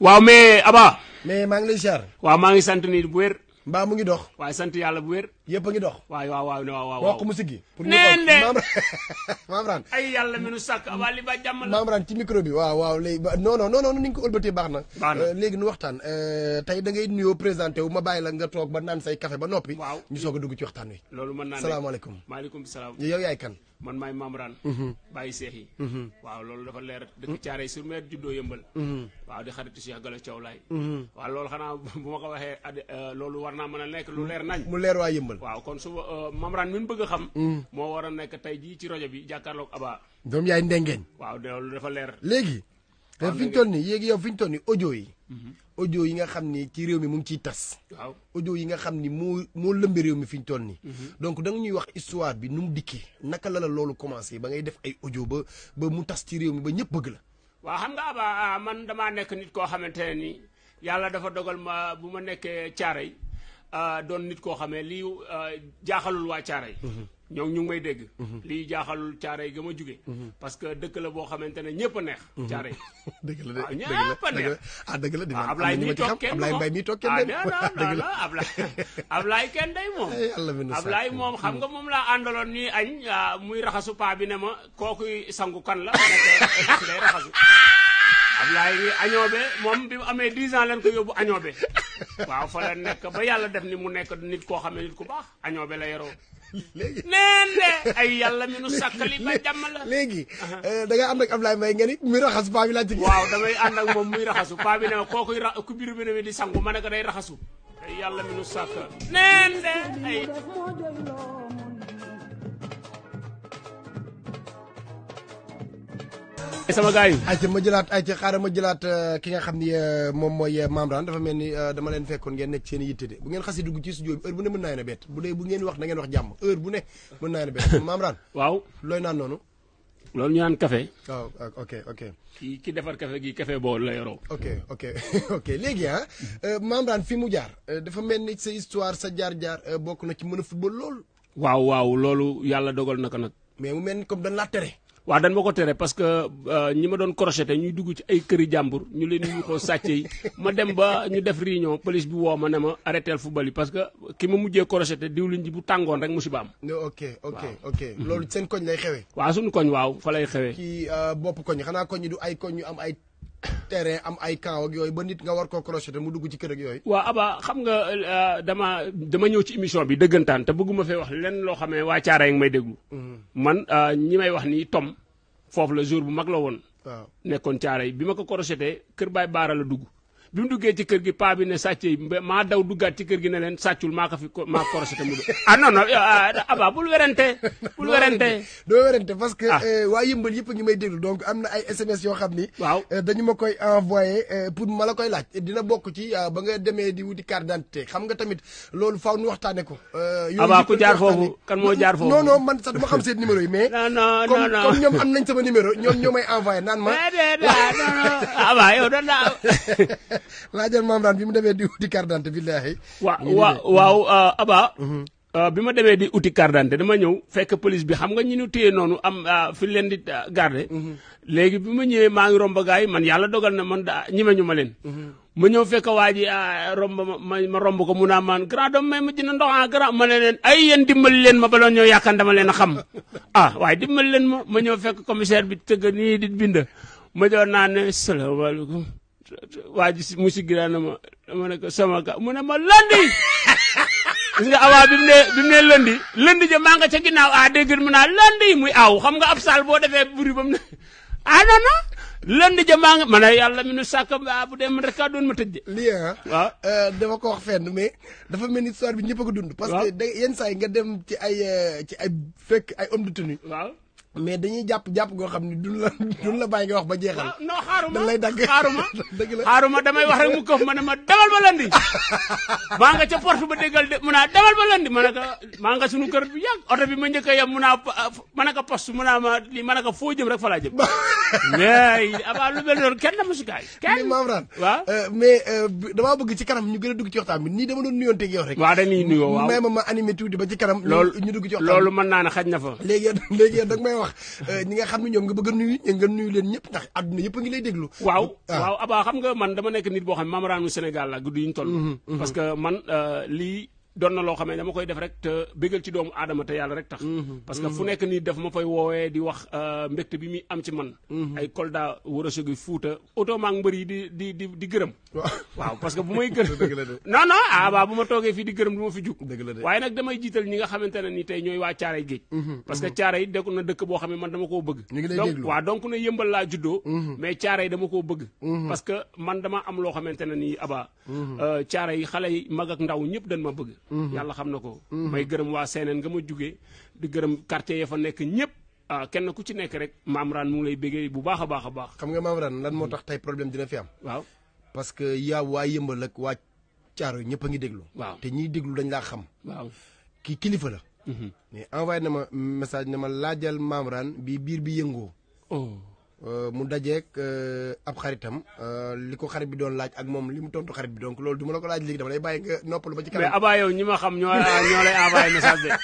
waaw mais Aba. mais maa ngi lay ziar. waaw maa ngi sant ni bu wér. mbaa mu ngi dox. waaye sant yàlla bu wér. yëpp a ngi dox. waaw waaw waaw waaw waaw. wax ko mu pour ñu ko maam ay yàlla mi nu sàkk waa li ba jàmm la. maam ci micro bi waaw waaw léegi non non non non ni nga ko ëlbatee baax na. Euh, léegi nu waxtaan euh, tey da ngay yoo présenté wu ma bàyyi la nga toog ba naan say kafe ba noppi. waaw ñu soog dugg ci waxtaan wi. loolu mën naa salaamaaleykum. maaleykum salaam yow yaay kan. man maay mamran mhm. bàyyi seex yi mhm. waaw loolu dafa leer dëkk caare sur mer juddoo yëmbal mhm. waaw di xaritu Cheikh Galo Thiaw Laay waaw loolu xanaa bu ma ko waxee euh, loolu war naa mën a nekk lu leer nañ mu leer waa yëmbal waaw kon su euh, mamran min bëgg xam moo war a nekk tey jii ci rajo bi jàkkaarloog Aba doom yaay ndengeen waaw loolu dafa leer léegi fi ñu toll nii yéegi fi ñu toll nii audio yi ojo yi nga xam ni ci réew mi mu ngi ciy tas. waaw audio yi nga xam ni moo moo lëmbe réew mi fi ñu toll nii. Mhm. donc da nga ñuy wax histoire bi nu mu dikkee naka la la loolu commencé ba ngay def ay ojo ba ba mu tas ci réew mi ba ñëpp bëgg la. waaw xam nga aba ah, man damaa nekk nit koo xamante ne nii yàlla dafa dogal ma bu ma nekkee caare yi doon nit koo xamee lii jaaxalul waa caara yi mm-hmm. ñoom ñu ngi may dégg mm-hmm. lii jaaxalul caara yi gëm ma juge mm-hmm. parce que dëkk la boo xamante ne ñëpp a neex caara yi dëgg la de ah, a dëgg la ah, di ah, Ablaye mii toog kenn Ablaye Mbaye mii dëgg la Ablaye Ablaye kenn day moom Ablaye xam nga moom laa àndaloon nii añ muy raxasu paa bi ne ma kookuy sangu kan la day raxasu Ablaye bi añoobe moom bi mu amee 10 ans lañ ko yóbbu añoobe waaw fa la nekk ba yàlla def ni mu nekk nit koo xam ne nit ku baax añoobe la yaroo. léegi neen de ay yàlla mi nu sàkkali ba jàmm la. léegi euh, da nga ànd ak Ablaye Mbaye nga ni muy raxasu paa bi laaj. waaw damay ànd ak moom muy raxasu paa ne kookuy ra ku biir bi ne di sangu ma ne ko day raxasu. ay yàlla mi nu sàkk neen de ay. sama gars yi. ayca ma jëlaat ayca xaaral ma jëlaat euh, ki nga xam ni euh, moom mooy euh, Membrane dafa mel ni dama leen fekkoon ngeen nekk seen yitte de bu ngeen xasee dugg ci studio bi heure bu ne mën naa yéene bett bu dee bu ngeen wax na ngeen wax jàmm heure bu ne mën naa yéene bett Membrane. waaw looy naan noonu. loolu ñu naan café. waaw oh, ok defar café gi café boobu la ok léegi ah. Membrane fi mu jaar dafa mel ni sa histoire sa jaar-jaar bokk na ci mën a lool. waaw waaw loolu yàlla dogal na ko nag. mais mu mel ni comme dañ laa tere. waaw dañ ma ko tere parce que euh, ñi ma doon crocheté ñuy dugg ci ay këri jàmbur ñu leen yuuxoo sàcce yi ma dem ba ñu def réunion police bi woo ma ne ma arrêtéel football yi parce que ki ma mujjee crocheté diwlin ji bu tàngoon rek musiba am. ok ok ok loolu seen koñ lay xewee. waaw suñu koñ waaw fa lay xewee. kii euh, bopp koñ xanaa koñ yi du ay koñ ñu am ay. terrain am ay camp ak yooyu ba nit nga war koo crocheté mu dugg ci kër ak yooyu. waa Aba xam nga euh, dama dama ñëw ci émission bi dëggantaan te bëgguma fee wax lenn loo xam ne waa Caaray ngi may déglu. Mm-hmm. man euh, ñi may wax nii tom foofu la jour bu mag la woon. waaw nekkoon yi bi ma ko crocheté kër Baay Baara la dugg. bi mu ci kër gi paa bi ne sàccee maa daw duggaat ci kër gi ne leen sàccul maa ko fi maa korosete mu ah aba ah, ah, bul werante bul werante doo werante parce que ah. euh, waa yëmbal yëpp ngi may déglu donc am na ay SMS yoo xam ni waaw euh, dañu ma koy envoyé euh, pour ma la koy laaj dina bokk ci ba nga demee di wuti carte d'identité xam nga tamit loolu faaw ñu waxtaane ko aba ku jaar foofu kan moo jaar foofu non non man sax dama xam numéro yi mais non non am nañ sama numéro ñoom ñoo may envoyé naan ma aba eh, eh, eh, yow laajal maam hmm. daan euh, hmm. euh, bi ma demee di uti carte d'identité billaahi waaw waaw bi ma demee di uti carte dama ñëw fekk police bi xam nga ñu ñu téye noonu am euh, fi leen di garde hmm. léegi bi ma ñëwee maa ngi romba yi man yàlla dogal na man daa ñemeñu ma leen. ma ñëw fekk waa ji romb ma ma romb ko mu naa maan grand doom may ma jënd ndox ah grand ma ne leen ay yéen dimbali leen ma baloon ñoo yaakaar dama leen a xam ah waaye dimbali leen ma ma ñëw fekk commissaire bi tëgg nii di bind ma jox naa ne salaamaaleykum. waa ji mu sigg naa ne ma dama ne ko sama ka mu ne ma lëndi gis nga awaa bi mu nee bi mu nee lëndi maa nga ca ginnaaw a ah, dégg mu naa lëndi muy aw xam nga ab saal boo defee buri ba mu ne ah non non nga ma ne yàlla mi nu sàkk mbaa ah, bu dee man doon ma tëj de. lii ah, waaw euh, dama ko wax fenn mais dafa mel ni histoire bi ñëpp a ko dund. parce que yenn saa yi nga dem ci ay euh, ci ay fekk ay homme de tenue. mais dañuy jàpp jàpp goo xam ne duñ la la bàyyi ba jeexal. non xaaruma dañ lay dagg xaaruma dëgg la xaaruma damay wax rek ma ma demal ba lëndi. maa nga ca porte ba déggal de mu naa demal ba ma ne ko maa nga sunu kër bi ma njëkk a yem mu naa ma ne ko poste ma lii ma ne ko foo jëm rek fa laa jëm. mais abaa lu mel noonu kenn na euh, euh, ci kanam ñu gën a dugg ci waxtaan bi nii dama doon nuyoonte ak yow rek. waaw nuyoo waaw mais ma ma animé tuuti ba ci kanam. loolu ñu dugg ci waxtaan bi loolu mën naa ne xaj na fa. léegi léegi dag may wax wax euh, ñi nga xam ne ñoom nga bëgg a nuyu nga nuyu leen ñëpp ndax àdduna yëpp a ngi lay déglu waaw ah. waaw abaa xam nga man dama nekk nit boo xam ne maamaraanu la guddi yi ñu toll mhm, mhm. man euh, lii doon na loo xam ne dama koy def rek te bégal ci doomu aadama te yàlla rek tax. Mhm. parce que mhm. fu nekk nii daf ma fay woowee di wax euh, mbégte bi muy am ci man. Mhm. ay Kolda Ourossogui Fouta oto maa ngi mbër yi di di di di gërëm. waaw parce que bu may gërëm. non non ah waaw bu ma toogee fii di gërëm du ma fi jug. waaye nag damay jiital ñi nga xamante ne nii tey ñooy waa Caaray Géej. parce que yi dekku na dëkk boo xam ne man dama koo bëgg. ñu ngi lay déglu donc waaw donc ne yëmbal laa juddoo. mais Caaray dama koo bëgg. parce que man dama am loo xamante ne nii Aba. Euh, Caaray xale yi mag ndaw ñëpp dañ ma bëgg Mm-hmm. yàlla xam na ko. Mm-hmm. may gërëm waa seeneen nga ma jugee di gërëm quartier ya fa nekk ñëpp. ah kenn ku ci nekk rek Mamran mu lay béggee bu baax a baax a baax. xam nga Mamran lan moo tax tey problème dina fi am. waaw parce que yaa waa yëmbal ak waa caaro yi ñëpp a ngi déglu. waaw te ñiy déglu dañ laa xam. waaw kii kilifa la. Mm-hmm. mais envoyé na ma message na ma laajal Mamran bi biir bi yëngoo. Oh. Euh, mu dajeeg euh, ab xaritam euh, li ko xarit bi doon laaj ak moom li mu tontu xarit bi donc loolu du ma laaj léegi dama lay bàyyi nga noppalu ba ci kanam. mais abaa ñi ma xam ñoo ñoo lay message de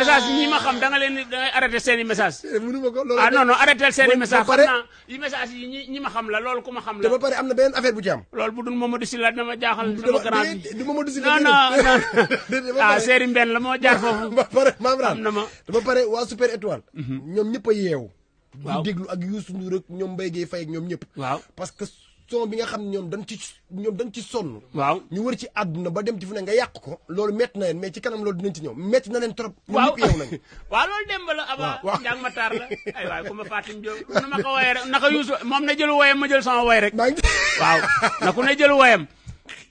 message ñi ma xam da leen da ngay seen message eh, mënu ma ko loolu ah non non arrêté seen i message xam xam la loolu ku ma xam la te ba pare am na beneen affaire bu ci am loolu bu dul Mamadou Sylla dama jaaxal sama grand bi du Mamadou Sylla non non ah Serigne Mbène la moo jaar foofu ba pare maam ran na ma ba pare waa Super Étoile mhm. ñoom ñëpp yeewu waaw di déglu ak Youssou Ndour ak ñoom Mbaye Guèye Faye ak ñoom ñëpp. waaw parce que son bi nga xam ne ñoom dañ ci ñoom dañ ci sonn. waaw ñu wër ci adduna ba dem ci fu ga nga yàq ko. loolu métti na leen mais ci kanam loolu dinañ ci ñëw métti na leen trop. waaw yow nañ waaw loolu dem ba la Aba. waaw jàng ma taar la ay waay ku ma Fatim Diop. nu ma ko woyee rek naka Youssou moom na jël woyam ma jël sama woy rek. waaw na ku ne jël woyam.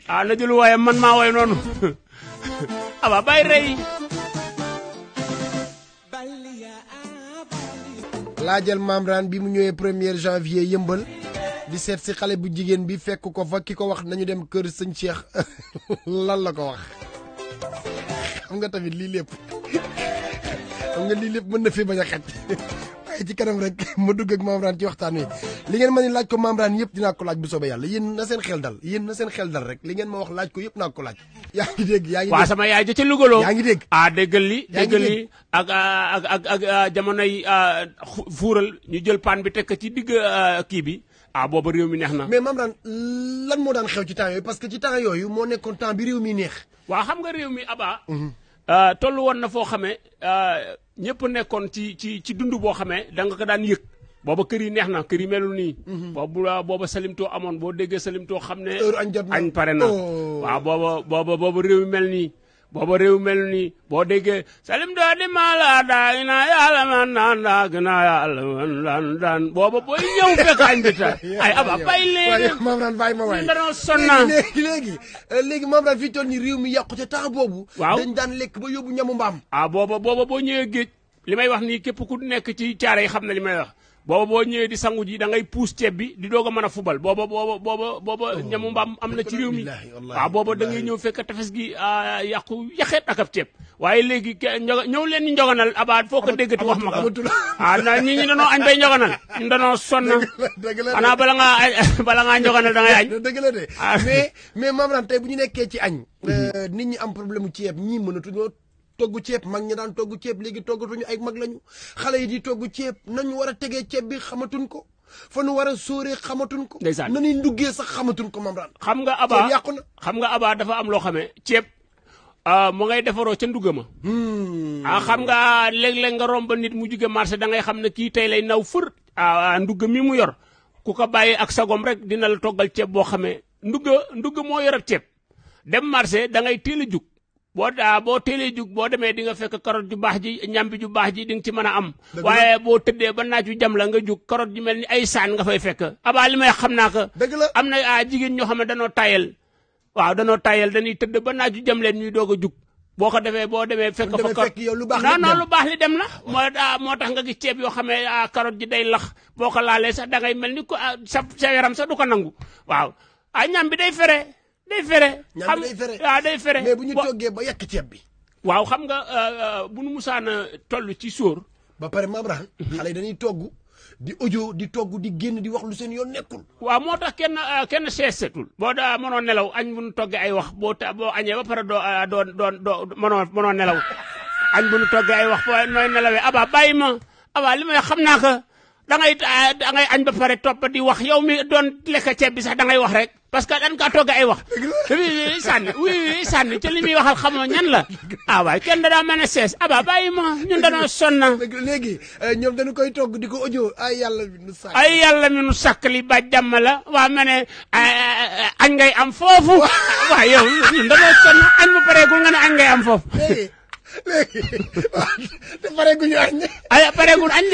ah na jël woyam man maa woy noonu. Aba bàyyi rey. laajal Mamran bi mu ñëwee premier janvier yëmbal di seet si xale bu jigéen bi fekk ko fa ki ko wax nañu dem kër sëñ ceex lan la ko wax xam nga tamit lii lépp xam nga lii lépp mën na fi bañ a xaj waaye ci kanam rek ma dugg ak Mamran ci waxtaan wi li ngeen ma ni laaj ko Mamran yëpp dinaa ko laaj bu soobee yàlla yéen na seen xel dal yéen na seen xel dal rek li ngeen ma wax laaj ko yëpp naa ko yaa ngi dégg yaa ngi waaw sama yaay ja ca Lugaloo yaa ngi fuural ñu jël paan bi teg ci digg ah, kii bi ah booba réew mi neex na mais Mamran lan moo daan xew ci temps yooyu parce que ci temps yooyu moo nekkoon temps bi réew mi neex waaw xam nga réew mi Abba mhm. ah, toll woon na ñëpp nekkoon ci ci ci dund boo xamee da nga ko daan yëg booba kër yi neex na kër yi melul nii mhm. booba booba salimtoo amoon boo déggee salimtoo xam ne añ pare na oh. waaw booba booba booba réew mi mel nii booba réew mel nii boo déggee salim doo di maalaa daa ina yàlla man naan daa gina yàlla man daan daan booba booy ñëw fekkaañ bi ta ay aba bay léegi maam ran bàyyi ma waay danoo sonna léegi léegi léegi euh, maam ran fii toll ni réew mi yàqu ca temps boobu waaw dañ daan lekk ba yóbbu ñamu mbaam ah booba booba boo ñëwee géej li may wax nii képp ku nekk ci caare yi xam na li may wax booba boo ñëwee di sangu ji da ngay puus ceeb bi di doog a mën a fubal boobo booba booba booba oh, ñamu mbaam am na ci réew mi waaw booba da ñëw fekk tefes gi ah, yàqu yaxeet ak ceeb waaye léegi njoga ñëw leen ñu njoganal abaat foo ko déggati wax ma ko a ah, na ñi ñu danoo añ bay njoganal ñu danoo sonn xanaa bala ngaa bala ngaa njoganal da ngay añ dëgg la de ah. mais mais maam naan tey bu ñu nekkee ci añ mhm. euh, nit ñi am problème mu ceeb ñii mënatuñoo togg ceeb mag ñu daan togg ceeb léegi toggatuñu ay mag lañu xale yi di togg ceeb nañu war a tegee ceeb bi xamatuñ ko fa nu war a sóoree xamatuñ ko. ndeysaan nañuy duggee sax xamatuñ ko moom daan. xam nga abaa yàqu xam nga abaa dafa am loo xamee ceeb. Ah, mu ngay defaroo ca ndugg ma. Hmm. ah xam nga léeg-léeg nga romb nit mu jóge marché da ngay xam ne kii tey lay naw fër. ah, ah ndugg mi mu yor ku ko bàyyi ak sagom rek dina la toggal ceeb boo xamee ndugg ndugg moo yor ak ceeb dem marché da ngay teel a jug boo daa boo teelee jug boo demee di nga fekk carotte ju baax ji ñambi ju baax ji di ci mën a am waaye boo tëddee ba naaj wi la nga jug carotte ji mel ni ay saan nga fay fekk abaa li xam naa ko dëgg la am na a ah, jigéen ñoo xam ne danoo tayal waaw danoo tayal dañuy tëdd ba naaj wi jam leen ñuy doog a jug boo ko defee boo demee fekk fa carotte non non lu baax li dem na moo ah, moo tax nga ceeb yoo xamee ah, carotte ji day lax boo ko laalee sax da mel ni ko sa sa yaram sax du ko nangu waaw a ñam day fere day fere. xam waaw day fere mais bu ñu toggee ba yekk ceeb bi. waaw xam nga euh, euh, bu nu musaan a toll ci sóor. ba pare maam raxan xale yi dañuy togg di audio di togg di génn di wax lu seen yoon nekkul. waa moo tax kenn euh, kenn seesetul. boo daa mënoo nelaw añ bu nu ay wax boo ta boo añee ba pare doo doo doo mënoo mënoo nelaw. añ bu nu toggee ay wax boo nooy nelawee abaa bàyyi ma abaa li may xam naa ka da ngay da ngay añ ba pare topp di wax yow mi doon lekk ceeb bi sax da ngay wax rek. parce que dan kaa togg ay wax sànni oui oui sànni ca li muy waxal xamoo ñan la ah waay kenn da daa mën a sees aba ah, ma ñun danoo euh, koy togg di ay yàlla mi nu sàkk ba jàmm la waa ma ne euh, euh, añ am foofu waaw yow ñun danoo añ mu pareegul nga ne añ am foofu léegi te pareeguñu ay pareeguñu añ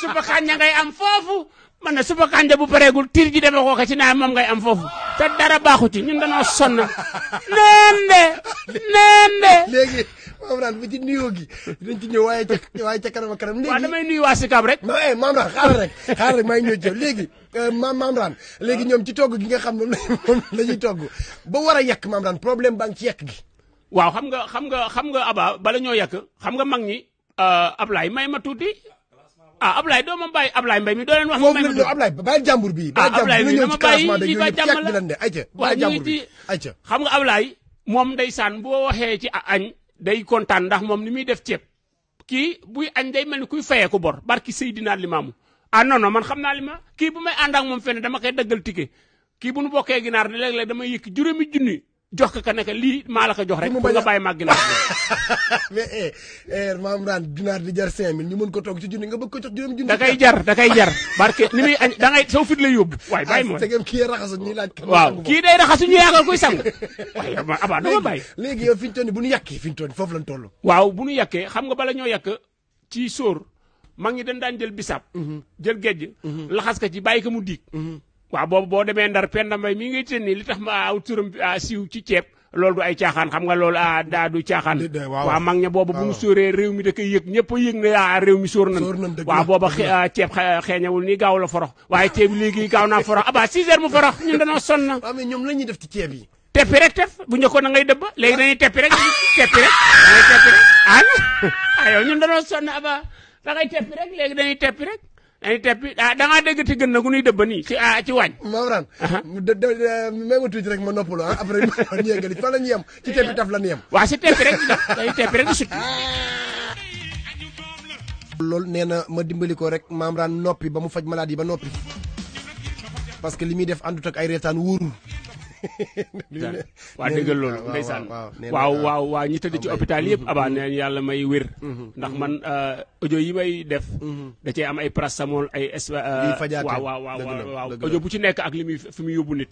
suba xañ ngay am foofu man na suba kanja bu pareegul tiir ji demee kooka ci naa moom ngay am foofu te dara baaxu ci ñun dañoo sonn neen de neen de léegi maam naan ba ci nuyoo gi dinañ ci waaye ca waaye ca kanam ak kanam léegi waaw rek eh maam naan xaaral rek xaaral ci euh, léegi ñoom ci togg gi nga xam moom la ñuy togg ba war a yàq maam naan problème baa ngi ci yàq gi waaw xam nga xam nga xam nga aba bala ñoo yàq xam nga mag ñi euh, Ablaye may ma tuuti ah Ablaye doo ma bàyyi Ablaye Mbaye mi doo leen wax. ñu may ma dugg Ablaye bàyyi jàmbur bi. ah Ablaye mi dama bàyyi ci ba jàmm la waaw ñu ngi ci ayca xam nga Ablaye moom ndeysaan boo waxee ci añ day kontaan ndax moom ni muy def ceeb kii buy añ day mel ni kuy fayee ko bor barki Seydina Limaamu ah non non man xam naa li ma kii bu may ànd ak moom fenn dama koy daggal ticket kii bu nu bokkee ginaar léeg-léeg dama yëkk juróomi junni jox ko ka nekk lii maa la ko jox rek. mu bañ a nga bàyyi màgg ginaar mais eh, eh maam daan ginaar di jar 5000 ñu mën ko toog ci junni nga bëgg ko jox juróomi junni. da kay jar da kay jar. barke ni muy da ngay saw fit lay yóbbu. waaye bàyyi ma ah, waaw kii day raxasu ñu yàggal kuy sang. waaye léegi yow fi ñu toll nii bu ñu yàkkee fi ñu toll foofu lañ toll. waaw bu ñu xam nga bala ñoo yàkk ci sóor mag ñi dañ daan jël bisaab. Mhm. jël géej. Mhm. laxas ka ji bàyyi ka mu diig mhm. waaw boobu boo demee ndar Penda Mbaye mi ngay tën nii li tax ma aw turam ah, siiw ci ceeb loolu du ay caaxaan xam nga loolu a ah, daa du caaxaan waaw mag ña boobu bu mu sóoree réew mi da koy yëg ñëpp a yëg ne a ah, réew mi sóor nan waaw booba ceeb xeeñawul nii gaaw la foro waaye ceeb léegi gaaw naa forox aba 6 heures mu forox ñun dañoo sonn ñoom la ñuy def ci ceeb yi teppi rek tef bu njëkkoon na ngay dëbb léegi dañuy teppi rek teppi rek dangay teppi rek ah yow ñun dañoo sonn aba da ngay teppi rek léegi dañuy teppi rek ay teppi ah da ngaa dégg ci gën na ku ñuy dëbba nii ci ah ci waañ. Mawran. may ma rek ma noppalu ah après ñu yeggali fan la ñuy yem ci teppi taf la ñuy yem. waaw si teppi rek day teppi rek sut. loolu nee na ma dimbali ko rek Mawran noppi ba mu faj maladie ba noppi parce que li muy def àndut ak ay reetaan wóorul. waa dëggal loolu ndeysaan waaw waaw waa ñi tëdd ci hôpital yëpp mm-hmm, abaa mm-hmm. neen yàlla may wér mm-hmm, ndax man euh, audio yi may def da cee am ay paracetamol ay euh, waaw waaw waaw waaw audio bu ci nekk ak li muy fi muy yóbbu nit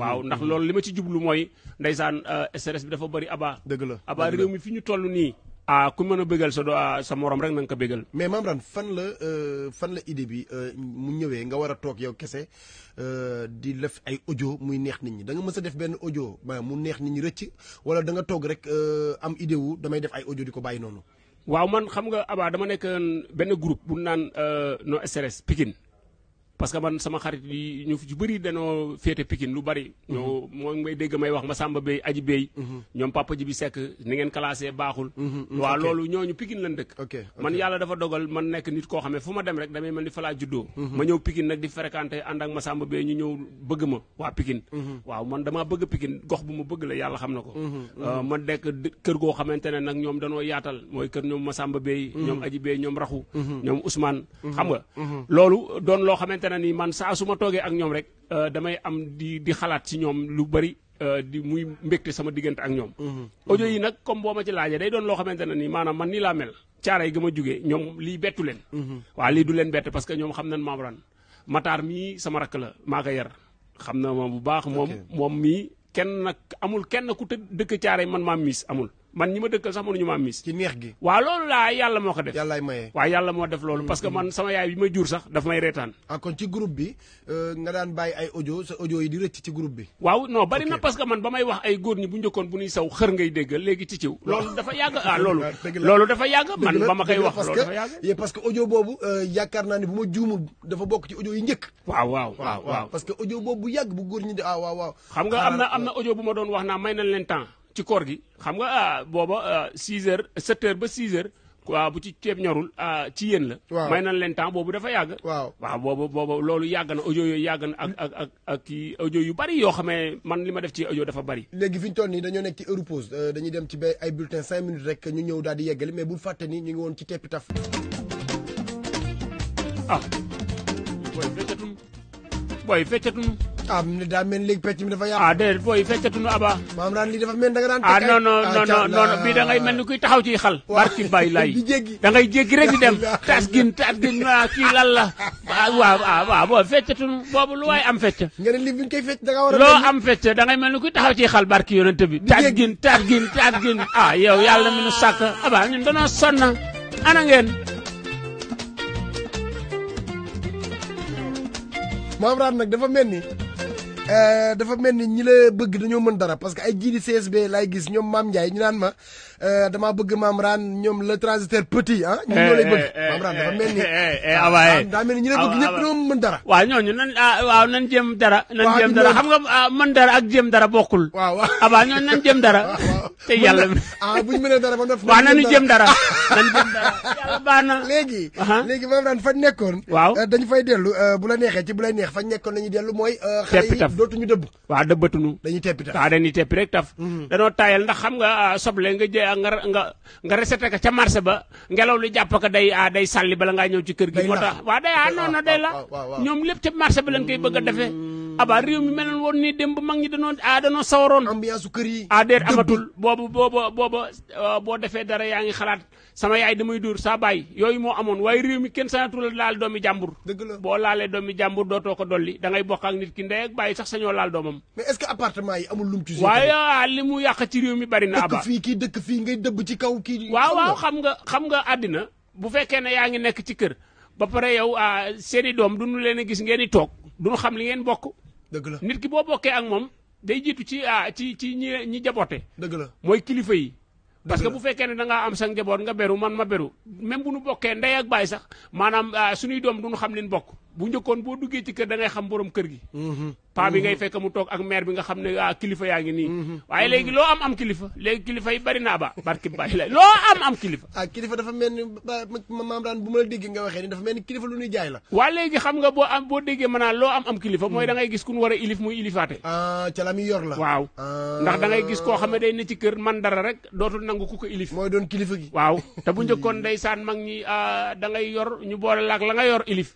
waaw ndax loolu li ma ci jublu mooy ndeysaan stress euh, bi dafa bari abaa abaa réew mi fi ñu toll nii ah ku mën a bëggal sa do ah, sa morom rek na nga ko bëggal. mais Mame Rane fan la euh, fan la idée bi euh, mu ñëwee nga war a toog yow kese euh, di def ay ojo muy neex nit ñi da nga mës a def benn audio mu neex nit ñi rëcc wala da nga toog rek am idée wu damay def ay audio di ko bàyyi noonu. waaw man xam nga Aba dama nekk benn groupe bu naan no stress Pikine parce que man sama xarit yi ñu ci bëri danoo féete Pikine lu bari ñoo mhm. moo ngi may dégg may wax Massamba Bey Aji Bey mhm. ñoom Papa Jibi Seck ni ngeen classé baaxul mhm, waaw loolu ñooñu Pikine lan dëkk man yàlla dafa dogal man nekk nit koo xamee fu ma dem rek damay mel ni fa laa juddoo ma ñëw Pikine nag di fréquenté ànd ak Massamba Bey ñu ñëw bëgg ma waa Pikine waaw man damaa bëgg Pikine gox bi ma bëgg la yàlla xam na ko euh, ma nekk kër goo xamante ne nag ñoom danoo yaatal mooy kër ñoom Massamba Bey ñoom Aji Bey ñoom Raxu ñoom Ousmane xam nga na ni man saa su ma toogee ak ñoom rek euh, damay am di di xalaat ci ñoom lu bari euh, di muy mbégte sama diggante ak ñoom. Mhm. audio yi nag comme boo ma ci laajee day doon loo xamante ne ni maanaam man nii laa mel caara yi ga ma jugee ñoom lii bettu leen. Mhm. waa lii du leen bett parce que ñoom xam nañ Mame Rane Matar mii sama rakk la maa yar xam na moom bu baax. moom moom mii kenn nag amul kenn ku te dëkk caara yi man maam miis amul. man ñi ma dëkkal sax mënuñu ma am miis. ci neex gi waaw loolu laa yàlla moo ko def. yàllaay maye waaw yàlla moo def loolu. Mm-hmm. parce que man sama yaay bi ma jur sax daf may reetaan. ah kon ci groupe bi euh, nga daan bàyyi ay audio sa audio yi di rëcc ci groupe bi. waaw non bari na parce que man ba may wax ay góor ñi bu njëkkoon bu ñuy saw xër ngay déggal léegi ci ciw. loolu dafa yàgg ah loolu. Ah, loolu dafa yàgg man ba ma koy wax loolu dafa yàgg. parce que audio boobu euh, yaakaar naa ne bu ma juumul dafa bokk ci yi njëkk. waaw waaw waaw waaw parce que boobu bu yàgg bu góor ñi di ah waaw waaw xam nga na am na audio bu ma doon wax naa may nañ leen ci koor gi xam nga ah, booba 6 ah, heures 7 heures ba 6 heures. waaw bu ci ceeb ñorul ah, ci yéen la. waaw may nañ leen temps boobu dafa yàgg. waaw waaw boobu boobu loolu yàgg na audio yooyu yàgg na ak a ak ak kii audio yu bari yoo xamee man li ma def ci audio dafa bari. léegi fi ñu toll nii dañoo nekk ci heure pause euh, dañuy dem ci bay ay bulletin cinq minutes rek ñu ñëw daal di yeggali mais bul fàtte ni ñu ngi woon ci teppi booy feccatunu booy a ah, mu ne daa mel léegi pecc mi dafa Aba. Ah, maam daan lii dafa mel da nga daan. Ah, da ngay mel ni kuy taxaw ci xal. barki bàyyi lay da ngay jéggi rek di dem. tas gin tas gin la. ah waaw waaw booy feccatuñu boobu lu am fecc. nga ne lii bi koy da nga a. loo am fecc da mel ni kuy taxaw ci xal barki yonent bi. tas gin tas gin tas gin ah yow yàlla mi nu sàkk Aba a danoo sonn ana ngeen. dafa mel ni. Euh, dafa mel ni ñi la bëgg dañoo mën dara parce que ay jiidi CSB laay gis ñoom Maam Ndiaye ñu naan Euh, damaa bëgg maam ñoom le transitaire petit ah. ñun ñoo lay eh, bëgg. Eh, eh, maam Rane dafa mel ni. Ah, waaw ah, ah, ñoo mën dara. waaw ñooñu nan waaw nan jéem dara. nan jéem dara xam nga ak jéem dara bokkul. waaw waaw abaa ñooñu nan jéem dara. te yàlla ah bu ñu mënee dara ba def. waaw nanu jéem dara nan jéem dara yàlla baax na. léegi. léegi fañ nekkoon. waaw euh, dañu fay dellu euh, bu la neexee ci bu lay neex fañ nekkoon lañuy dellu mooy. teppi taf xale yi dootuñu dëbb. waaw dëbbatuñu. dañuy teppi taf waaw rek taf. Mhm. danoo taayal ndax xam nga soble nga nga nga nga reseté ko ca marché ba ngelaw li jàpp ko day ah day sàlli bala ngaa ñëw ci kër gi moo tax ah, waaw day ah non day la ñoom lépp ca marché ba lañ koy bëgg a defee mm. aba réew mi woon nii démb mag ñi danoo ah, sawaroon ambiance kër amatul ah, boo defee dara yaa ngi xalaat sama yaay damay dóor saa baay yooyu moo amoon waaye réew kenn sañatul laal doomi jàmbur boo laalee doomi jàmbur dootoo ko dolli da ngay bokk ak nit ki ndey ak bàyyi sax sañoo laal doomam waaye li ngay dëbb ci kaw kii. waaw waaw xam nga xam nga àddina bu fekkee ne yaa ngi nekk ci kër ba pare yow ah, seeni doom duñu leen a gis ngeen di toog duñu xam li ngeen bokk. dëgg la nit ki boo bokkee ak moom day jiitu ci ah, ci ci ñi ñi jaboote. dëgg la mooy kilifa yi. parce que bu fekkee ne da ngaa am sax njaboot nga beru man ma beru même bu nu bokkee ndey ak baay sax maanaam ah, suñuy doom duñu xam leen bokk bu njëkkoon boo duggee ci kër da ngay xam boroom kër gi. Mm-hmm. paa bi mhm. ngay fekk mu toog ak maire bi nga xam ne ah kilifa yaa ngi nii. Mhm. waaye mhm. léegi loo am am kilifa léegi kilifa yi bari naa ba barki loo am am kilifa. Ah, kilifa dafa mel ni maam daan bu ma la nga waxee ni dafa mel ni kilifa lu ñuy jaay la. waa léegi xam nga boo boo déggee ma loo am am kilifa mooy dangay gis ku ñu war a ilif muy ilifaate. ah la muy yor la. waaw ah. ndax dangay gis koo xam ne day ne ci kër man dara rek dootul nangu ku ko ilif. mooy doon kilifa gi. waaw te bu njëkkoon ndeysaan mag ñi ah, da ngay yor ñu boole laak la nga yor ilif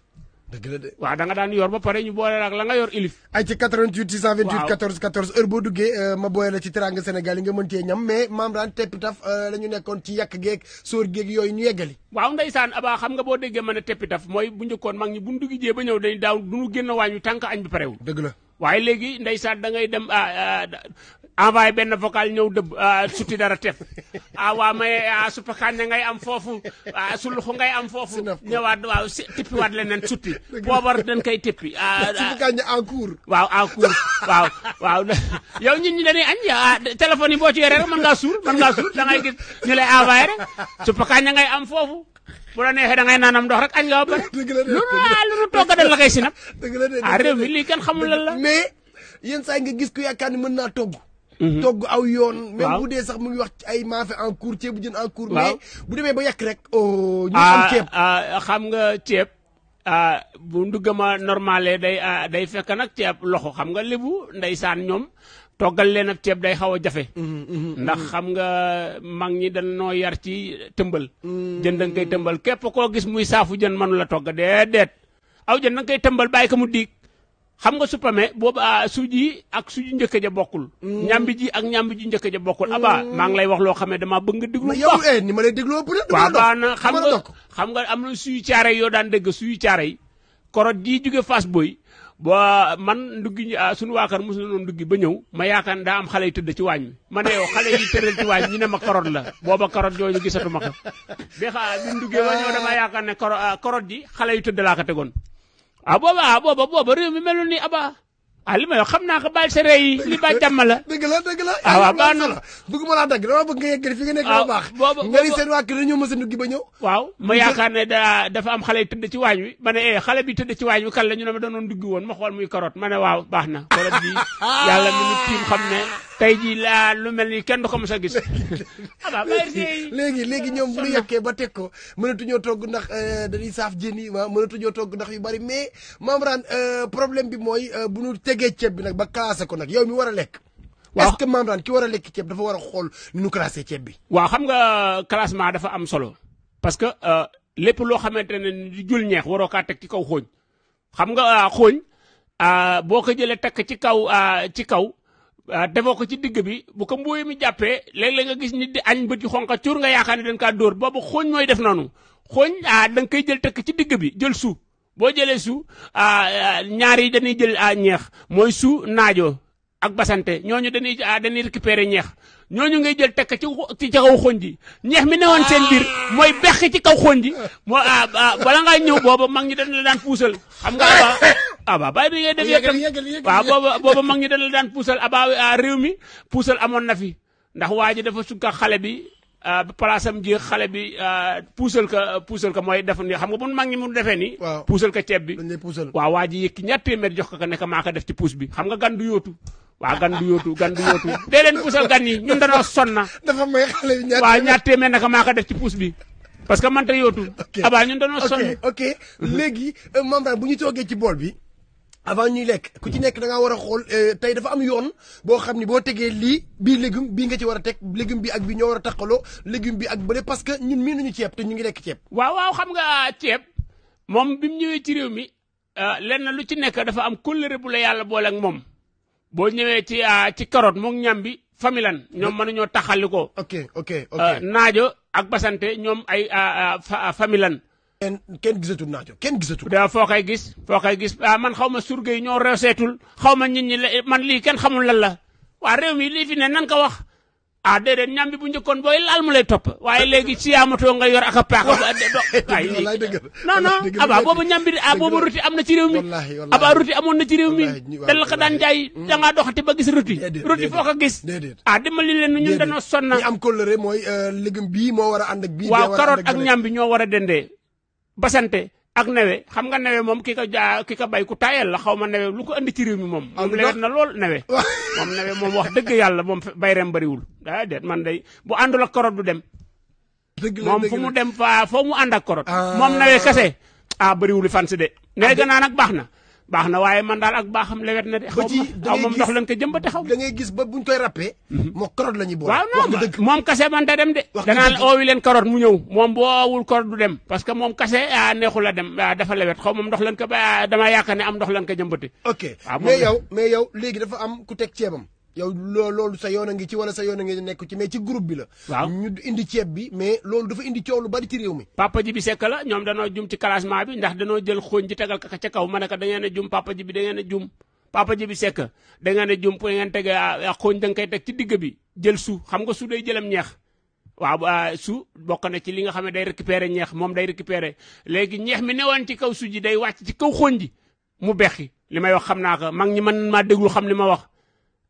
dëgg la de waaw da nga daan yor ba pare ñu boole ak la nga yor ilif. ay ci 88 628 14 14 heure boo duggee euh, ma boole ci teranga Sénégal nga mën cee ñam mais maam daan tepp taf euh, la nekkoon ci yàq geeg sóor geeg yooyu ñu yeggali. waaw saan abaa xam nga boo déggee ma ne tepp taf mooy bu njëkkoon mag ñi bu ñu duggi jee ba ñëw dañ daaw génn waañu tànk añ bi parewul. dëgg waaye léegi ndeysaan da ngay dem ah, ah, envoyé benn vocal ñëw dëbb ah, suti dara tef ah waa may ah, suppa kànja ngay am foofu ah suluxu ngay am foofu. ñëwaat waaw si tippiwaat leneen suti. poobar dañ koy tippi. ah suppa kànja waaw en cours waaw waaw. yow ñun ñu dañuy añ ah téléphone yi boo ci yoree rek mën ngaa suur mën ngaa suur da ngay gis ñu ngay am foofu. bu la neexee da ngay naanam dox rek añ nga ba pare. dëgg la de lu lu togg dañ la koy sinap. dëgg la de ah réew mi lii kenn nga gis ku yaakaar ni mën naa togg Mhm. togg aw yoon. même bu dee sax mu ngi wax ay maafe en cours ceebu jën en cours. mais bu mee ba yàq rek. Oh, ñu ah, am ceeb ah, xam nga ceeb. Ah, bu nduggama normalé day day fekk nag ceeb loxo xam nga lébu ndeysaan ñoom. toggal leen ab ceeb day xaw a jafe. Mhm, mhm, ndax xam nga mag ñi da dañoo yar ci tëmbal. jën da nga koy tëmbal képp koo gis muy saafu jën mënu la togg déedéet. aw jën da nga koy tëmbal bàyyi mu diig. xam nga suppame boobu ah, su ji ak su ji njëkk ja bokkul. Mm. ñambi ji ak ñambi ji njëkk ja bokkul. abaa mm. maa ngi lay wax loo xam ne damaa bëgg nga déglu. bu eh, ni ma lay dégloo bu dee na xam nga xam nga am na suy caare yoo daan dégg suy caare yi. korot jii fas booy ba man nduggi ah, suñu waakar mos na noon nduggi ba ñëw ma yaakaar daa am xale yu tëdd ci waañ mi ma ne yow xale ñu ne ma korot la booba korot jooju gisatuma ko ma yaakaar ne ah, korot ji xale yu tëdd laa ko tegoon ah booba booba booba réew mi melul ni a ah li ma wax xam naa ko baal sa rey yi li ba jàmm la dëgg la dëgg la ah waaw baax na la bëgguma laa dagg dama bëgg nga yeggali fi nga nekk ah, bu ba waaw ma yaakaar ne da dafa am xale yu tëdd ci waañ wi ma ne eh xale bi tëdd ci waañ wi kan la ñu ne ma doonoon dugg woon ma xool muy carotte ma ne waaw baax na carotte bi yàlla mi tiim xam ne tey jii laa lu mel ni kenn du ko mos a gis. Ah léegi léegi ñoom bu ñu yàkkee ba teg ko mënatuñoo togg ndax euh, dañuy saaf jën yi waaw mënatuñoo togg ndax yu bari mais Mame Rane euh, problème bi mooy euh, bu ñu tegee ceeb bi nag ba classé ko nag yow mi war a lekk. waaw est-ce que Mame ki war a lekk ceeb dafa war a xool nu ñu classé ceeb bi. waaw xam nga classement dafa am solo parce que lépp loo xamante ne di jul ñeex waroo kaa teg ci kaw xooñ xam nga xooñ boo ko jëlee takk ci kaw ci kaw. waaw ah, defoo ko ci digg bi bu ko mbooy mi jàppee léeg-léeg nga gis nit di añ bët yu xonqa cuur nga yaakaar ne dañ kaa dóor boobu xooñ mooy def noonu xooñ ah da koy jël tekk ci digg bi jël suu boo jëlee su ah, ah, ñaar yi dañuy jël ñeex mooy suu naajo ak basante ñooñu dañuy dañuy récupérer ñeex ñooñu ngay jël tekk ci ci kaw xooñ ji ñeex mi newoon seen biir mooy bex ci kaw xooñ ji moo bala ngaa ñëw booba mag ñi dañ la daan puusal xam nga aba bàyyi bi ngay def yeggal waaw booba booba mag ñi dañu daan puusal aba ah, réew mi puusal amoon na fi ndax waa ji dafa sukka xale bi place am ji xale bi ah, puusal ka puusal ka mooy def ni xam nga bu mag ñi mu defee nii puusal ka ceeb bi waaw waa ji yëkki ñaar téeméer jox ko ne ko maa ko def ci puus bi xam nga gan du yóotu waaw gan du yóotu gan du yóotu dee leen puusal gan yi ñun danoo son na dafa may xale bi waaw ñaar téeméer naka maa ko def ci puus bi parce que man te yóotu abaa ñun danoo sonn ok léegi euh, maam bu ñu toogee ci bool bi avant ñuy lekk ku ci nekk da war a xool euh, tey dafa am yoon boo xam ni boo tegee lii bii légum bii nga ci war a teg légum bi ak bi ñoo war a taqaloo légume bi ak bële parce que ñun mii nañu ceeb te ñu ngi lekk ceeb. waaw waaw xam nga ah, ceeb moom bi mu ñëwee ci réew mi ah, lenn lu ci nekk dafa am kóllëre bu la yàlla boole ak moom boo ñëwee ci ah, ci carotte moom ñam bi familan ñoom mënuñoo taxali ko. ok ok ok naajo ak basante ñoom ay familan kenn gisatu gisatul naajo kenn gisatul. daa foo kay gis foo kay gis ah man xaw ma surga yi ñoo seetul xaw ma nit ñi man lii kenn xamul lan la waa rew mi lii fi ne nan ko wax. a ah, déedéet ñam bi bu njëkkoon booy laal mu lay topp waaye léegi ci yaamatoo nga yor ak a paaka. waaye non non aba boobu ñam bi ah boobu ruti am na ci réew mi. aba ruti amoon na ci réew mi. dal ko daan jaay mm. da ngaa doxati ba gis ruti. ruti foo ko gis. ah dimbali leen ñun dañoo sonn. ñi am kóllëre mooy euh, légume bii moo war a ànd ak bii. waaw ak ñam bi ñoo war a dendee. basante ak nawe xam nga nawe moom ki ko jaa ki ko bay ku taayel la xaw ma nawe lu ko andi ci réew mi moom. Ah, moom lewet na lool nawe. moom nawe moom wax dëgg yàlla moom bayrem bariwul daa ah, déet man day bu àndul ak korot du dem. moom fu mu dem fa foo mu ànd ak korot. Ah. moom nawe kase ah bariwul fan si de. ah nee gannaa nag baax na. baax na waaye man daal ak baaxam lewet na de. xaw ma xaw ma ndox lañ ko jëmbatee xaw ma. da ngay gis ba buñ koy rappee. Mhm. moo carotte la ñuy boole. wax nga dëgg waaw non moom kase man da dem de. wax nga dëgg danaan leen carotte mu ñëw moom boo oowul carotte du dem. parce que moom kase ah, neexul la dem ah, dafa lewet xaw ma ndox lañ ko ba ah, dama yaakaar ne am ndox lañ ko jëmbatee. ok mais yow mais yow léegi dafa am ku teg ceebam yow loo loolu sa yoon a ngi ci wala sa yoon a ngi nekk ci mais ci groupe bi la. waaw ñu indi ceeb bi mais loolu dafa indi coow lu bari ci réew mi. papa ji bi sekk la ñoom danoo jum ci classement bi ndax danoo jël xooñ ji tegal ka ca kaw ma ne ko da ngeen a jum papa ji bi da ngeen a jum. papa ji bi sekk da ngeen a jum pour ngeen tege ah, ah, xooñ da koy teg ci digg bi jël su xam nga su day jëlam ñeex. waaw ah, su bokk na ci li nga xam ne day récupérer ñeex moom day récupérer léegi ñeex mi newoon ci kaw su ji day wàcc ci kaw xooñ ji mu bexi li may wax xam naa ko mag ñi man maa déglu xam li ma wax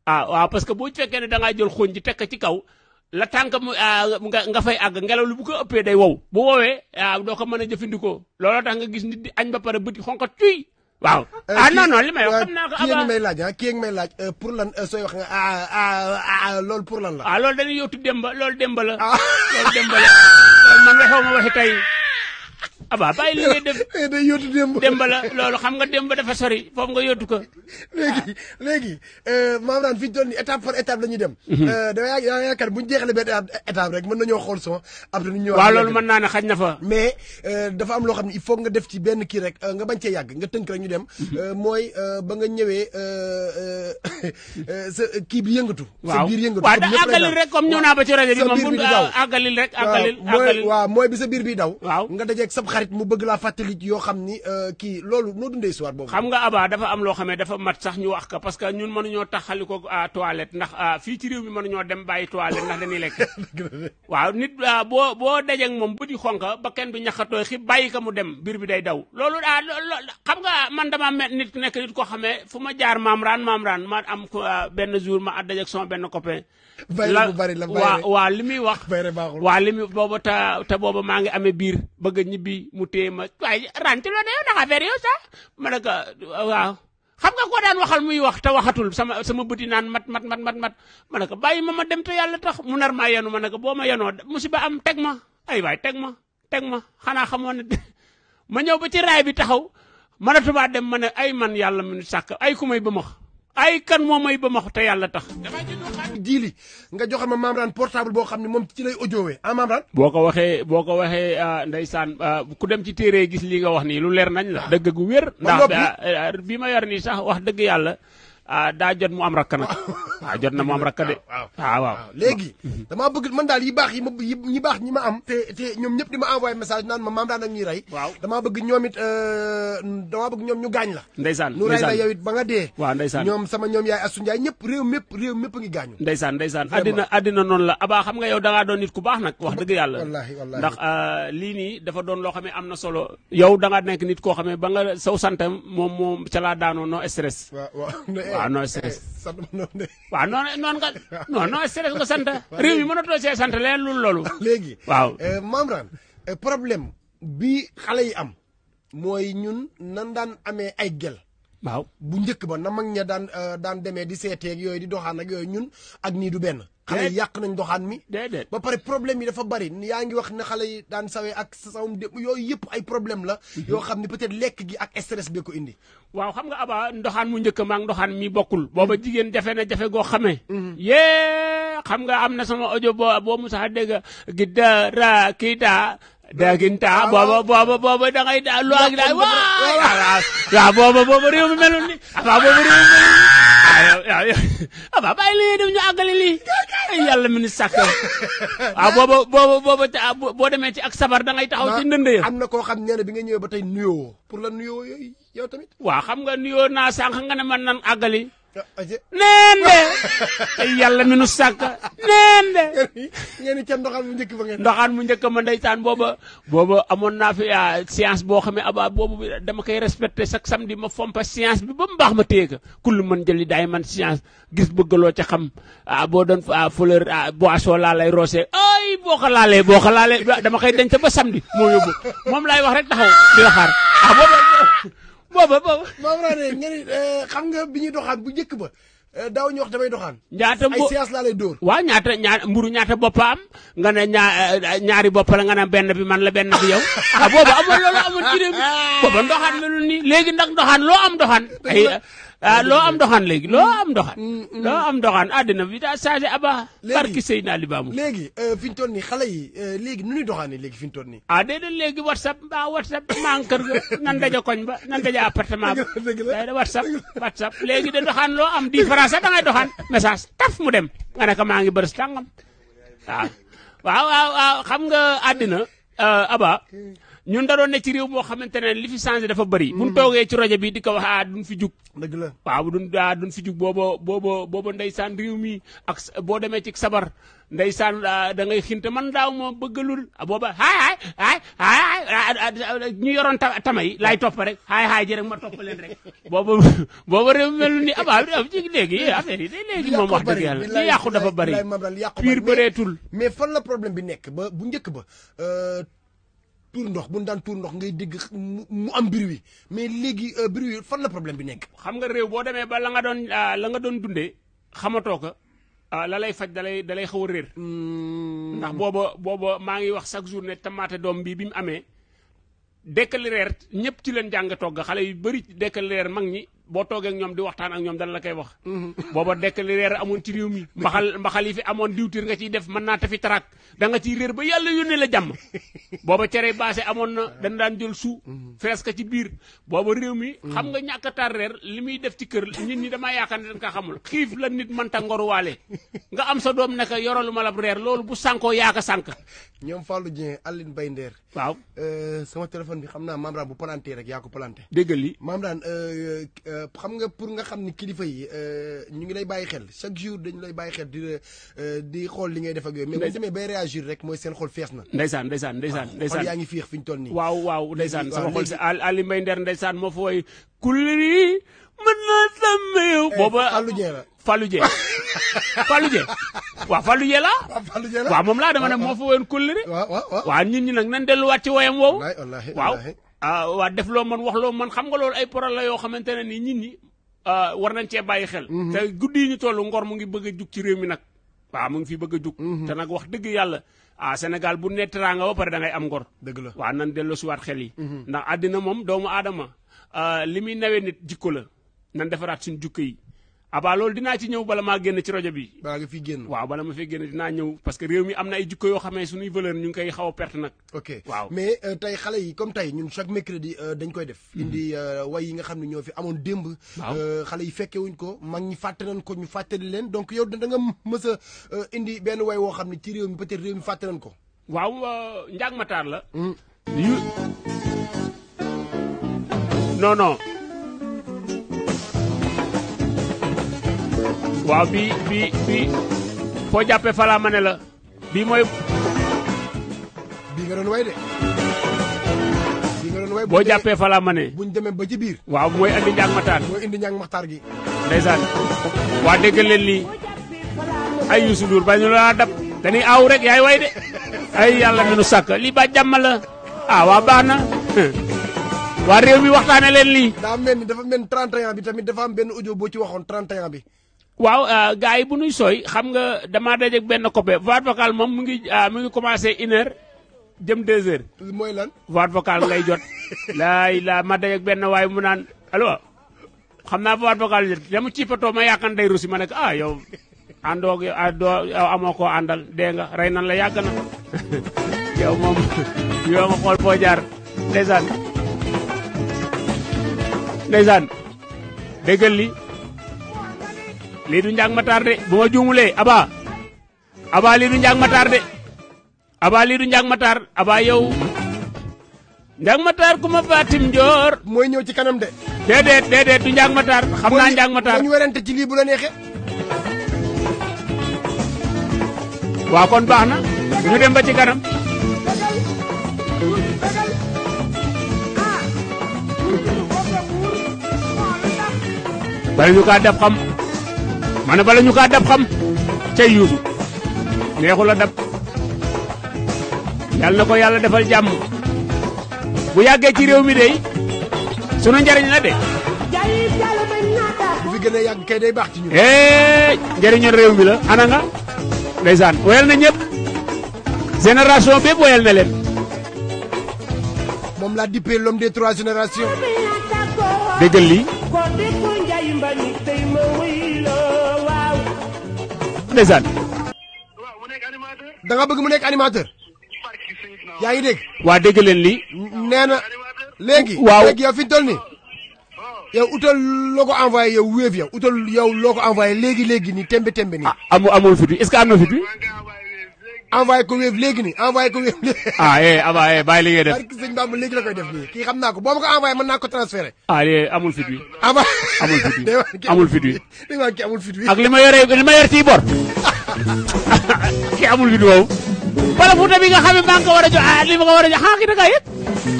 ah waaw parce que boo fekkee ne da jël xooñ ji teg ci kaw la tànk ah, mu nga nga fay àgg ngelaw lu bu ko ëppee day wow bu woowee waaw ah, doo ko mën a jëfandikoo looloo tax nga gis nit di añ ba pare bëti xonk tuy waaw eh, ah non non li may wax xam naa ko avant may laaj ah may laaj eh, pour lan eh, sooy wax ah, loolu pour lan la ah loolu dañuy demba loolu demba la loolu demba la ma waxi aba ah, bàyyi li ngay def day loolu xam nga démb dafa sori foofu nga yóotu ko léegi léegi euh, maam daan fi ñu toll nii par étape la ñuy dem mhm. euh, dama yaakaar bu ñu jeexalee benn étape rek mën ñoo xool son après ñu ñëwaat waaw loolu mën naa ne xaj na fa mais euh, dafa am loo xam ne il nga def ci benn kii rek nga bañ cee yàgg nga tënk ñu dem mhm. mooy ba nga ñëwee sa kii bi yëngatu waaw da àggalil rek comme ñëw naa ba ci rajo bi moom bu waaw mooy bi sa biir bii daw nga dajeeg sab xarit mu bëgg laa fàttali yoo xam ni euh, kii loolu noo euh, euh, waaw boo boo moom bu di xonka ba kenn du ñaxatooy xi bàyyi ko mu dem biir bi day daw. loolu ah xam nga man dama nit nekk nit koo xamee fu ma jaar maam raan maam raan ma am benn jour ma dajeeg sama benn copain. la waa waa li muy wax. bayre baaxul waa li muy booba te te booba maa ngi amee biir bëgg ñibbi mu téye ma waaye ranti loo ne yow ndax affaire yow sax ma ne ka waaw xam nga koo daan waxal muy wax te waxatul sama sama bëti naan mat mat mat mat mat ma ne ko bàyyi ma ma dem te yàlla tax mu nar maa yenu ma ne ko boo ma yenoo ba am teg ma ay waay teg ma teg ma xanaa xamoon ne ma ñëw ba ci raay bi taxaw mënatumaa dem ma ne ay man yàlla mu sàkk ay ku may ba ma ay kan moo may ba ma te yàlla tax. jiili nga joxe ma membrane portable boo xam ne moom ci lay audiowe ah membrane. boo ko waxee boo ko waxee ah, ndeysaan ah, ku dem ci téere gis lii nga wax nii lu leer nañ la. Ah. dëgg gu wér. ndax bi ma yor nii sax wax dëgg yàlla daa jot mu am rakk nag. waaw ah, jot na moom rakk de ah, waaw waaw léegi damaa bëgg man daal yi baax yi ma yi baax ñi ma am te te ñoom ñëpp di ma envoyé message naan ma maam daan ak ñuy rey waaw damaa bëgg ñoom it euh, damaa bëgg ñu gaañ la ndeysaan nu rey la yow it ba nga dee waaw ndeysaan ñoom sama ñoom yaay Assou Ndiaye ñëpp réew mépp réew mépp a ngi gaañu ndeysaan ndeysaan addina addina noonu la abaa xam nga yow da ngaa doon nit ku baax nag wax dëgg yàlla wallaahi wallaahi ndax euh, lii nii dafa doon loo xam ne am na solo yow da nekk nit koo xam ne ba nga saw santam moom moom ca laa daanoo no stress eh, waaw no eh, stress eh, waaw noonu noonu nga non non stress nga sant réew yi mënatoo see sant leen loolu loolu. léegi waaw euh, Mamran euh, problème bi xale yi am mooy ñun nan daan amee ay gel waaw bu njëkk ba na mag ña daan euh, daan demee di seetee ak yooyu di doxaan ak yooyu ñun ak nii du benn. xale yi yàq nañ doxaan mi déedéet ba pare problème yi dafa bari yaa ngi wax ne xale daan sawee ak sawum dé yooyu yëpp ay problème la mhm. yoo xam ne peut-être lekk gi ak stress bee ko indi waaw xam nga aba ndoxaan mu njëkk maak ndoxaan mi bokkul booba mhm. jigéen jafe na jafe goo xamee mhm. yée xam nga am na sama audio boo boo mu sax dégg gi dara kii daa daaginta ah, booba booba booba da ngay daa lu ak booba booba réew mi ni aba booba réew mi meloon ni waaw waaw aba bàyyi lii dem ñu àggale lii yàlla mi ni sàkk waaw booba booba booba boo demee ci ak sabar da ngay taxaw ci ndënd ya am na koo xam nee na bi nga ñëwee ba tey nuyoo pour la nuyoo yooyu yow tamit waaw xam nga nuyoo naa sànq nga ne man nan àggali neembe yàlla mi nu sàkk neembe ngeen ca ndoxaan mu njëkk ba ngeen ndoxaan mu njëkk ma ndeysaan booba booba amoon naa fi ah, science boo xamee aba boobu dama koy respecté chaque samedi ma fompa science bi ba mu baax ma téye ko man mën jëli daay man science gis loo ca xam a ah, boo doon a ah, boisson laa lay roose ay boo ko laalee boo ko laalee dama koy denc ba samedi moo yóbbu moom laay wax rek taxaw di la xaar ah booba booba. maam Rane nga ni eh, xam nga bi ñuy bu njëkk ba eh, daaw ñu wax damay doxaan. ñaata ay séance laa lay dóor. waaw ñaata ñaar mburu ñaata boppa am nga ne ñaar eh, ñaari bopp la nga ne benn bi man la benn bi yow ah booba amoon loolu amoon ci réew mi booba ndoxaan la lu nii léegi ndax ndoxaan loo am ndoxaan. ah loo am doxaan léegi loo am doxaan. loo am doxaan mm, mm. àddina bi daa changé aba. léegi barki sëy naa li baamu. léegi euh, fi ñu toll nii xale yi euh, léegi nu ñuy doxaanee léegi fi ñu toll nii. ah léegi whatsapp ah whatsapp maa ngi kër ga nan daja koñ ba nan daja appartement ba. dëgg la whatsapp whatsapp léegi de doxaan loo am différence da ngay doxaan message taf mu dem nga ne ko maa bërës tàngam ah. waaw waaw waaw xam nga àddina euh, aba. ñun da doon ne ci réew moo xamante ne li fi changé dafa bëri. Mm. bu ñu toogee ci rajo bii di ko wax ah duñ fi jug. dëgg la waaw duñ ah duñ fi jug booba booba booba ndeysaan réew mi ak boo demee ci sabar ndeysaan ah, da ngay xinte man daaw moo bëggalul ah, booba a haay haay ñu yoroon tama yi laay topp rek haay haay ji rek ma topp leen rek. booba booba réew mel ni a ah, ci léegi affaire yi léegi moom wax dëgg yàlla li yàqu dafa bëri. piir bëreetul mais fan la problème bi nekk ba bu njëkk ba. Euh, tuur ndox bu ñu daan tuur ndox ngay dégg mu am bruit mais léegi euh, bruit fan la problème bi nekk. xam nga réew boo demee ba la nga doon euh, la nga doon dundee xamatoo ko euh, la lay faj dalay dalay xaw a réer. Hmm. ndax booba booba maa ngi wax chaque jour ne tamaate doom bii bi mu amee. décalaire ñëpp ci leen jàng togg xale yu bëri décalaire mag ñi boo toogee ak ñoom di waxtaan ak ñoom dana la koy wax mhm. booba dekk li reer amoon ci réew mi mbaxal mbaxal yi fi amoon diwtiir nga ciy def man naa tafi tarak da nga ciy réer ba yàlla yónnee la jàmm booba cere baase amoon na dañ daan jël su mhm. fees ka ci biir booba réew mi mhm. xam nga ñàkk a reer li muy def ci kër nit ñi dama yaakaar ne dañ ka xamul xiif la nit mënta ngoruwaale nga am sa doom naka yoralu ma la reer loolu bu sànkoo yaaka sànk ñoom Fallou Dieng Aline Bay Ndeer waaw euh, sama téléphone bi xam naa Mamran bu planté rek yaa ko xam nga pour nga xam ni kilifa yi %e ñu ngi lay bàyyi xel chaque jour :fra lay bàyyi xel di la euh, di xool li ngay def ak yooyu mais :fra boo bay réagir rek mooy seen xol fees na waaw xol yaa ngi féex fi ñu toll nii Fallou Dieng la Fallou Dieng Fallou Dieng waaw Fallou Dieng laa waaw moom laa dama ne moo fa woyoon kóllëre waaw nit ñi nag nan delluwaat ci woyam woowu waaw ah waa def loo mën wax loo man xam nga loolu ay problème la yoo xamante ne ni nit ñi ah, war nañ cee bàyyi xel. Mhm. te guddi yi ñu toll ngor mu ngi bëgg a jug ci réew mi nag. waaw mu ngi fi bëgg a jug. Mhm. te nag wax dëgg yàlla ah Sénégal bu ne teraanga ba pare da am ngor. dëgg la waaw nan delloosiwaat xel yi. Mhm. ndax àddina moom doomu aadama ah, li muy nawee nit jikko la nan defaraat suñu jukka yi. abaa loolu dinaa ci ñëw bala maa génn ci rajo bi. bala nga fi génn waaw bala ma fi génn dinaa ñëw. parce que réew mi am na ay jikko yoo xam ne suñuy valeur ñu ngi xaw a perte nag. ok waaw mais euh, tey xale yi comme tey ñun chaque mercredi euh, dañ koy def. Mhm. indi euh, way yi nga xam ne ñoo fi amoon démb. xale yi fekke wuñ ko mag ñi fàtte nañ ko ñu fàttali leen donc yow da nga mës indi benn way woo xam ne ci réew mi peut-être réew ko. waaw Ndiak Matar la. Hmm. non non. waaw bii bii bii foo jàppee falaa ma la bii mooy. bii nga doon way boo jàppee falaa ma ne. buñ demee ba ci biir. waaw mooy indi njàng maxtaar. mooy indi njàng maxtaar gi. ndeysaan waa dégg leen lii ay Youssou Ndour ba ñu la dab te ni aaw rek yaay way de ay yàlla mi nu sàkk lii ba jàmm la ah waa baax na waa réew mi waxtaane leen lii. daa mel ni dafa mel ni 31 bi tamit dafa am benn audio boo ci waxoon 31 bi. waaw euh, gars yi bu nuy sooy xam nga damaa dajeeg benn coppe voix vocale moom mu ngi euh, mu ngi commencé une heure jëm deux heures. mooy lan voix vocale ngay jot. laay la ma dajeeg benn waaye mu naan allo xam naa voix vocale jot dama ci patoo ma yaakaar day rusi ma ne ah yow àndoo ah, doo yow koo àndal dee nga rey nan la yàgg na yow moom yow nga xool foo jaar ndeysaan ndeysaan déggal li lii du njàng mataar de bu ma juumulee aba aba lii du njàng mataar de aba lii du njàng mataar aba yow njàng mataar ku ma faatim njoor mooy ñëw ci kanam de déedéet déedéet du njàng mataar xam naa njàng mataar ñu ci lii bu la ci ñu kaa def xam ma ne bala ñu kaa dab xam cay yuusu neexul a dab yàlla na ko yàlla defal jàmm bu yàggee ci réew mi dey sunu njariñ la de. bu fi gën a yàgg kay day baax ci ñun. réew mi la ana nga ndeysaan woyal na ñëpp génération bépp woyal na leen. moom la dippee l'homme des trois générations. déggal lii. ndeysaan. da nga bëgg mu nekk animateur. yaa ngi dégg. waa dégg leen lii. nee na léegi. waaw léegi yow fi ñu toll nii. yow utal loo ko yow wéef yow utal yow loo ko léegi léegi ni tembe tembe nii. amul ah, amul fit wi est que am na fit wi envoyé ko wéef léegi nii envoyé ko wéef léegi. ah eh Aba eh bàyyi li ngay def. barke sëñ la koy def nii xam naa ko boo ma ko envoyé mën naa ko transféré. ah eh amul fit wi. amul fit wi amul fit wi. li ma fit wi. ak li ma yore ma yor ci bor. kii amul fit woowu. wala Fuuta bi nga xam ne maa ngi ko war ah, li ma ko war a jox ah kii da kaa yëg.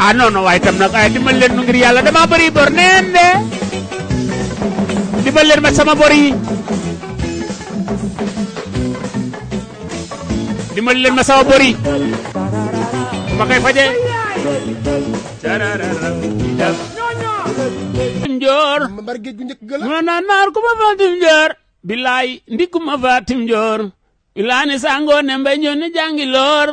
ah non tam nag ay dimbal leen nu ngir yàlla damaa bëri bor neen de. dimbal leen ma sama bor dimbali leen ma sama bor yi ma koy faje timjoor ma naan naar ku ma faa timjoor bilaay ndikku ma faa timjoor ilaa ni sàngoo ne mbay ñoo ne jàngi loor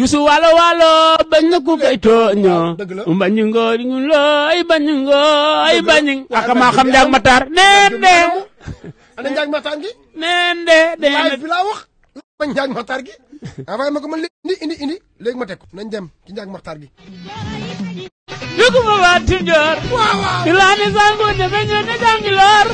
yusu walo walo bañ na ku kay tooñoo bañ ngooy looy bañ ngooy bañ ak maa xam njaag mataar neen de neen de de envoyé ma ko man indi indi indi léegi ma teg ko nañ dem ci njàng maxtaar gi. duguma waa Tunjoor. waaw waaw. di laa ne sangu ne ba loor.